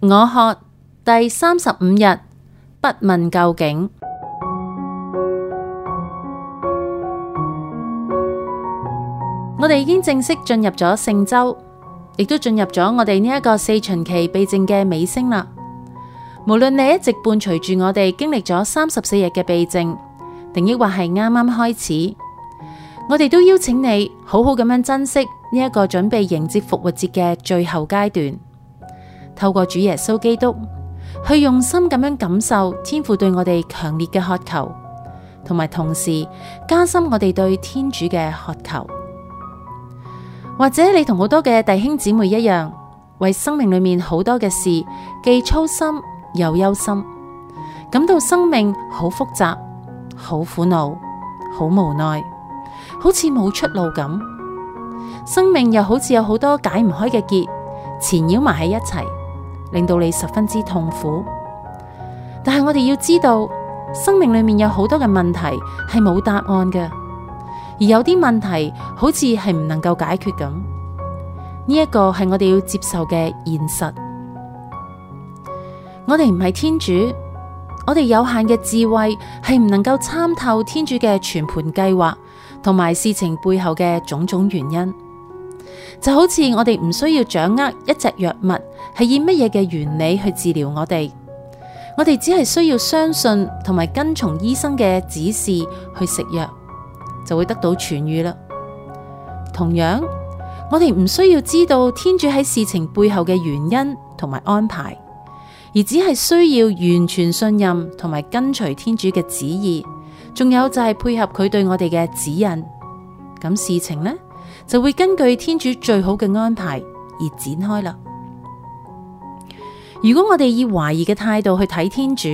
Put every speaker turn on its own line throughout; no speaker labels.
我渴第三十五日，不問究竟。 我哋已經正式進入咗聖周，亦都進入咗我哋呢一個四旬期避靜嘅尾聲啦。無論你一直伴隨住我哋經歷咗三十四日嘅避靜，定抑或係啱啱開始，我哋都邀請你好好咁樣珍惜呢一個準備迎接復活節嘅最後階段。透過主耶穌基督，去用心咁樣感受天父對我哋強烈嘅渴求，同埋同時加深我哋對天主嘅渴求。或者你同好多嘅弟兄姊妹一樣，為生命裏面好多嘅事，既操心又憂心，感到生命好複雜、好苦惱、好無奈，好似冇出路咁。生命又好似有好多解唔開嘅結，纏繞埋喺一齊。令到你十分之痛苦，但係我哋要知道，生命裏面有好多嘅問題係冇答案嘅，而有啲問題好似係唔能夠解決咁。呢一個係我哋要接受嘅現實。我哋唔係天主，我哋有限嘅智慧係唔能夠參透天主嘅全盤計劃，同埋事情背後嘅種種原因。就好似我哋唔需要掌握一隻藥物係以乜嘢嘅原理去治療我哋，我哋只係需要相信同埋跟從醫生嘅指示去食藥，就會得到痊愈啦。同樣，我哋唔需要知道天主喺事情背後嘅原因同埋安排，而只係需要完全信任同埋跟隨天主嘅旨意，仲有就係配合佢對我哋嘅指引。咁事情呢？就會根據天主最好嘅安排而展開啦。如果我哋以懷疑嘅態度去睇天主，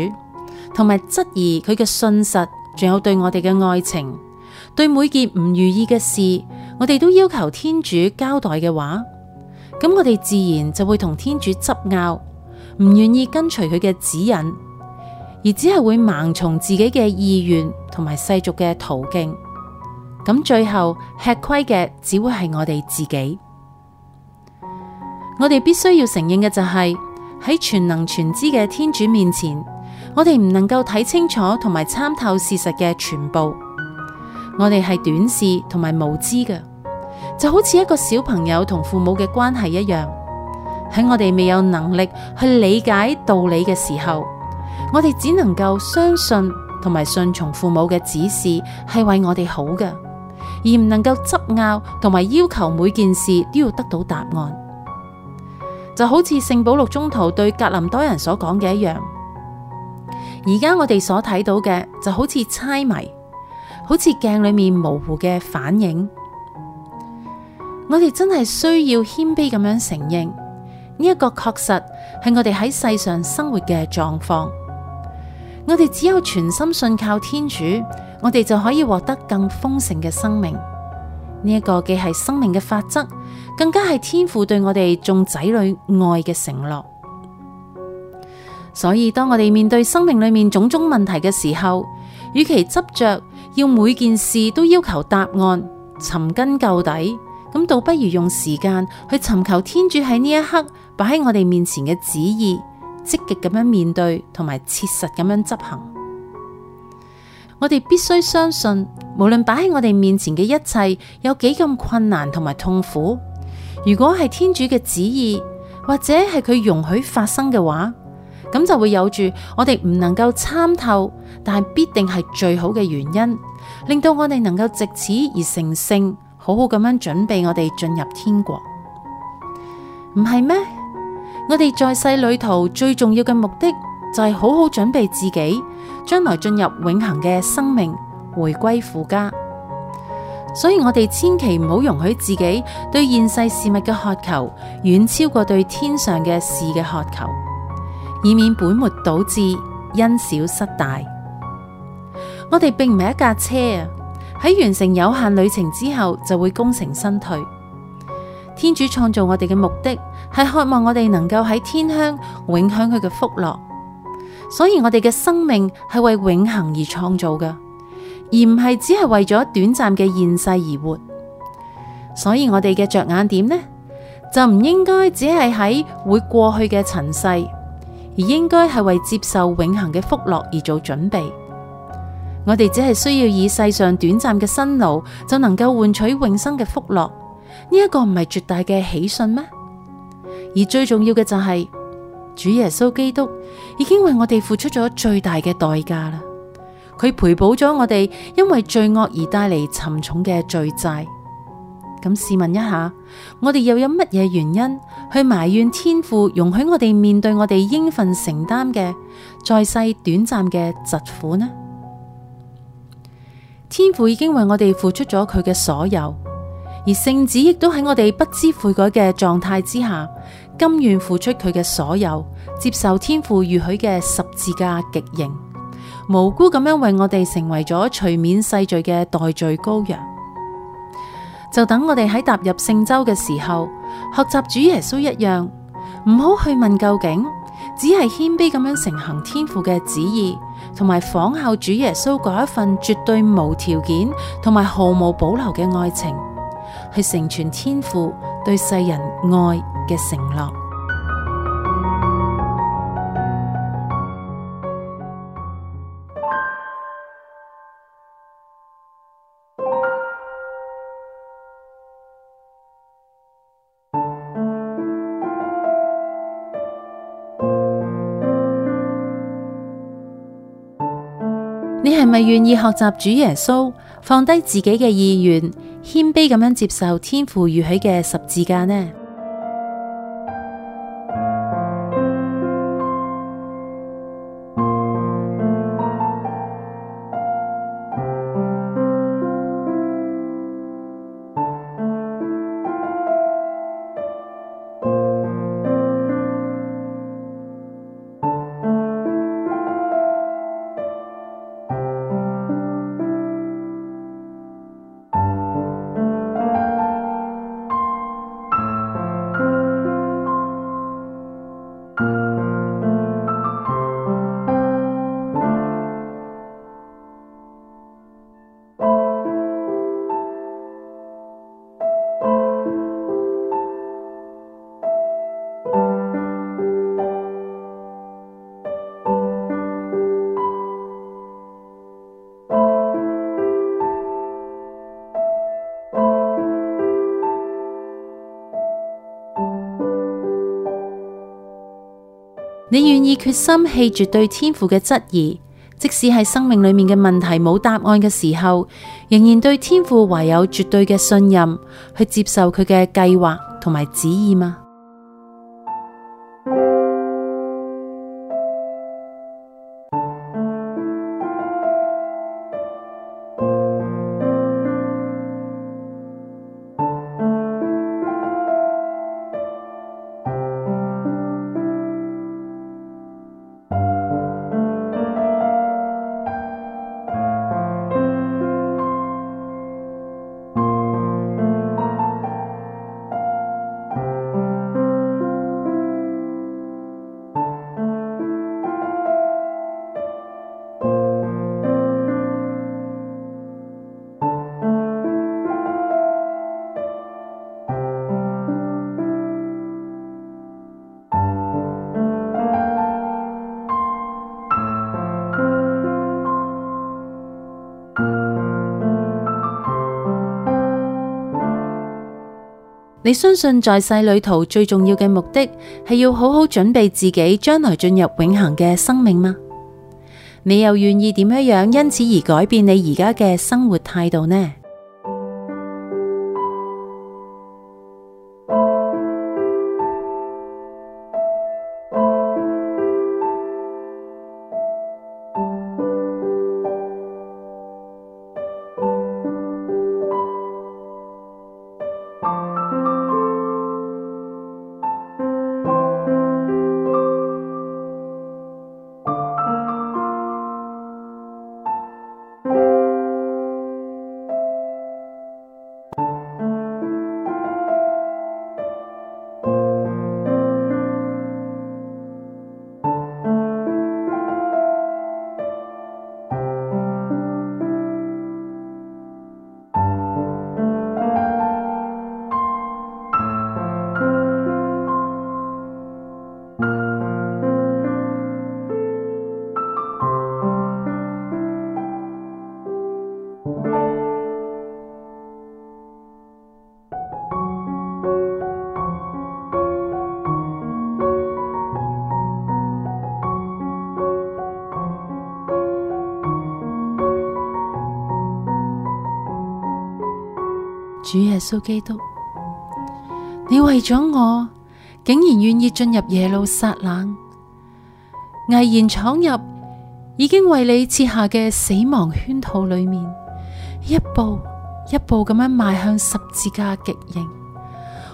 同埋質疑佢嘅信實，仲有對我哋嘅愛情，對每件唔如意嘅事，我哋都要求天主交代嘅話，咁我哋自然就會同天主執拗，唔願意跟隨佢嘅指引，而只係會盲從自己嘅意願同埋世俗嘅途徑。咁最後吃虧嘅只會係我哋自己。我哋必須要承認嘅就係、是、喺全能全知嘅天主面前，我哋唔能夠睇清楚同埋參透事實嘅全部。我哋係短視同埋無知嘅，就好似一個小朋友同父母嘅關係一樣。喺我哋未有能力去理解道理嘅時候，我哋只能夠相信同埋順從父母嘅指示，係為我哋好嘅。而唔能夠執拗同埋要求每件事都要得到答案，就好似聖保祿宗徒對格林多人所講嘅一樣。而家我哋所睇到嘅就好似猜謎，好似鏡裏面模糊嘅反映。我哋真係需要謙卑咁樣承認呢一、這個確實係我哋喺世上生活嘅狀況。我哋只有全心信靠天主。我哋就可以獲得更豐盛嘅生命。呢一個既係生命嘅法則，更加係天父對我哋眾仔女愛嘅承諾。所以，當我哋面對生命裏面種種問題嘅時候，與其執着要每件事都要求答案，尋根究底，咁倒不如用時間去尋求天主喺呢一刻擺喺我哋面前嘅旨意，積極咁樣面對同埋切實咁樣執行。我哋必須相信，無論擺喺我哋面前嘅一切有幾咁困難同埋痛苦，如果係天主嘅旨意，或者係佢容許發生嘅話，咁就會有住我哋唔能夠參透，但係必定係最好嘅原因，令到我哋能夠藉此而成聖，好好咁樣準備我哋進入天國，唔係咩？我哋在世旅途最重要嘅目的，就係好好準備自己，將來進入永恆嘅生命，回歸父家。所以我哋千祈唔好容許自己對現世事物嘅渴求遠超過對天上嘅事嘅渴求，以免本末倒置，因小失大。我哋並唔係一架車啊，喺完成有限旅程之後就會功成身退。天主創造我哋嘅目的係渴望我哋能夠喺天鄉永享佢嘅福樂。所以我哋嘅生命係為永恒而創造嘅，而唔係只係為咗短暫嘅現世而活。所以我哋嘅着眼點呢，就唔應該只係喺會過去嘅塵世，而應該係為接受永恒嘅福樂而做準備。我哋只係需要以世上短暫嘅辛勞就能夠換取永生嘅福樂，呢、這、一個唔係絕大嘅喜訊咩？而最重要嘅就係、是。主耶穌基督已經為我哋付出咗最大嘅代價啦，佢賠補咗我哋因為罪惡而帶嚟沉重嘅罪債。咁試問一下，我哋又有乜嘢原因去埋怨天父容許我哋面對我哋應份承擔嘅在世短暫嘅疾苦呢？天父已經為我哋付出咗佢嘅所有，而聖子亦都喺我哋不知悔改嘅狀態之下，甘願付出佢嘅所有，接受天父預許嘅十字架極刑，無辜咁樣為我哋成為咗除免世罪嘅代罪羔羊。就等我哋喺踏入聖週嘅時候，學習主耶穌一樣，唔好去問究竟，只係謙卑咁樣承行天父嘅旨意，同埋仿效主耶穌嗰一份絕對無條件同埋毫無保留嘅愛情，去成全天父。對世人愛嘅承諾。 你係咪願意學習主耶穌？放低自己嘅意願，謙卑咁樣接受天父預許嘅十字架呢？以決心棄絕對天父嘅質疑，即使係生命裏面嘅問題冇答案嘅時候，仍然對天父懷有絕對嘅信任，去接受佢嘅計劃同埋旨意嗎？你相信在世旅途最重要嘅目的，係要好好準備自己將來進入永恆嘅生命嗎？你又願意點樣樣因此而改變你而家嘅生活態度呢？主耶穌基督，你為咗我，竟然願意進入耶路撒冷，毅然闖入已經為你設下嘅死亡圈套裏面，一步一步咁樣邁向十字架極刑，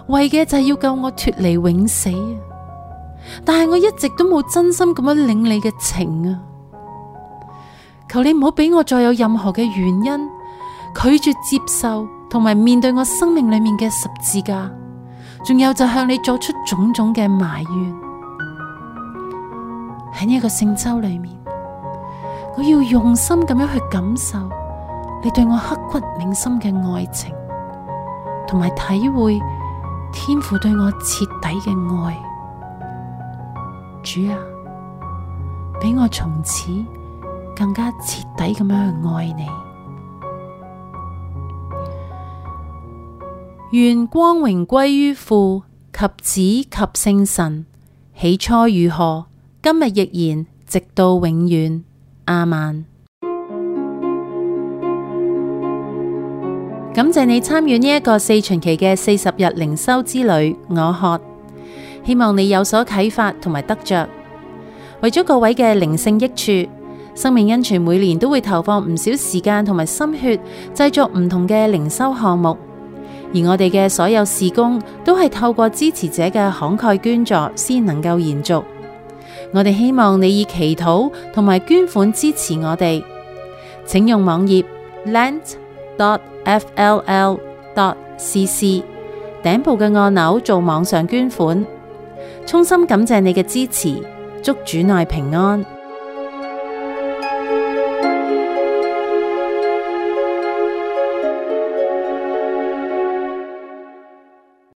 為嘅就係要救我脫離永死。但係我一直都冇真心咁樣領你嘅情啊！求你唔好俾我再有任何嘅原因拒絕接受。同埋面對我生命裏面嘅十字架，仲有就向你作出種種嘅埋怨。喺呢個聖週裏面，我要用心咁樣去感受你對我刻骨銘心嘅愛情，同埋體會天父對我徹底嘅愛。主啊，俾我從此更加徹底咁樣去愛你。願光榮歸於父及子及聖神。起初如何，今日亦然，直到永遠。亞孟。 感謝你參與呢一個四旬期嘅四十日靈修之旅，我渴。希望你有所啟發同埋得着。為咗各位嘅靈性益處，生命恩泉每年都會投放唔少時間同埋心血，製作唔同嘅靈修項目。而我哋嘅所有事工都係透過支持者嘅慷慨捐助先能夠延續。我哋希望你以祈禱同埋捐款支持我哋，請用網頁 Lent.FLL.cc 頂部嘅按鈕做網上捐款。衷心感謝你嘅支持，祝主內平安。